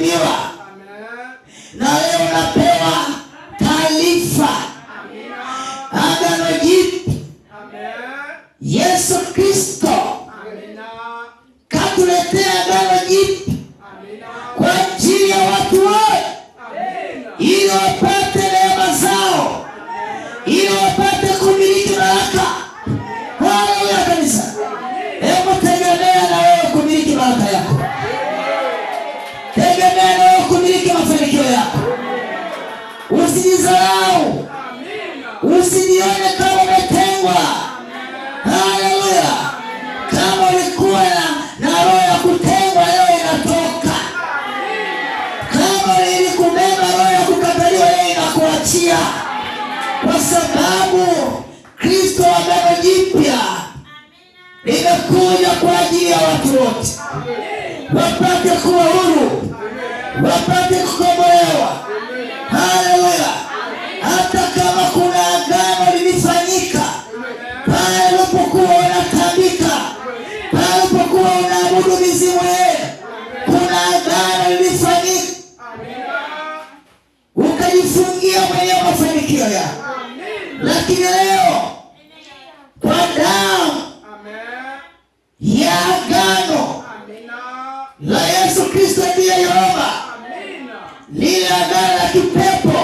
Lewa. Na wewe unapewa taarifa. Agano Jipya. Yesu Kristo. Katuletea maendeleo yako. Usijizarau, usijione kama umetengwa. Haleluya! Kama ulikuwa na roho ya kutengwa, leo inatoka. Kama ilikubeba roho ya kukataliwa, leo inakuachia, kwa sababu Kristo wa Agano Jipya limekuja kwa ajili ya watu wote wapate kuwa huru wapate kukombolewa. Haleluya! hata kama kuna agano lilifanyika pale ulipokuwa unatambika, pale ulipokuwa unaabudu mizimu yeye, kuna agano lilifanyika ukajifungia kwenye mafanikio ya lakini leo kwa damu ya kipepo,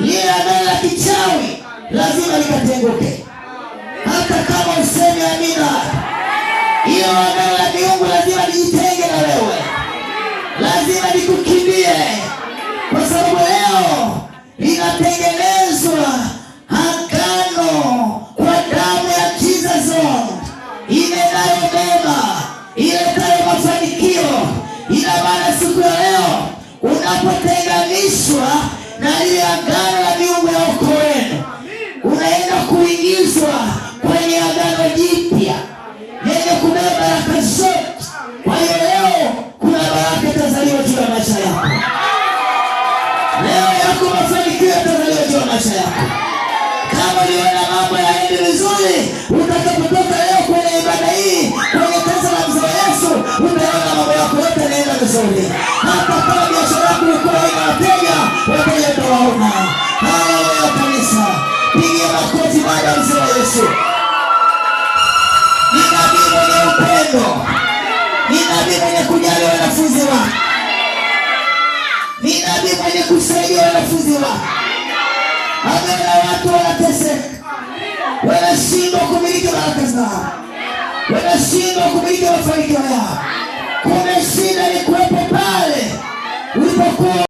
lile agano la kichawi lazima likatenguke, hata kama useme amina. Hiyo agano la miungu lazima lijitenge na wewe, lazima likukimbie, kwa sababu leo linatengenezwa agano kwa damu ya Jesus ile nayo mema, iletayo mafanikio ina maana unapotenganishwa na ile agano la miungu ya ukoo wenu, unaenda kuingizwa kwenye agano jipya yenye kubeba baraka zote. Kwa hiyo leo kuna baraka itazaliwa juu ya maisha yako. Leo yako mafanikio yatazaliwa juu ya maisha yako. Kama uliona mambo yaende vizuri, utakapotoka leo kwenye ibada hii, kwenye kanisa la Mzee Yesu, utaona mambo yako yote yanaenda vizuri hata Bwana. Haleluya kanisa. Pigia makofi Bwana mzee wa Yesu. Ni nabii mwenye upendo. Ni nabii mwenye kujali wanafunzi wake. Ni nabii mwenye kusaidia wanafunzi wake. Amena watu wanateseka. Wanashindwa kumiliki baraka zao. Wanashindwa kumiliki mafanikio yao. Kumbe shida ni kuwepo pale ulipokuwa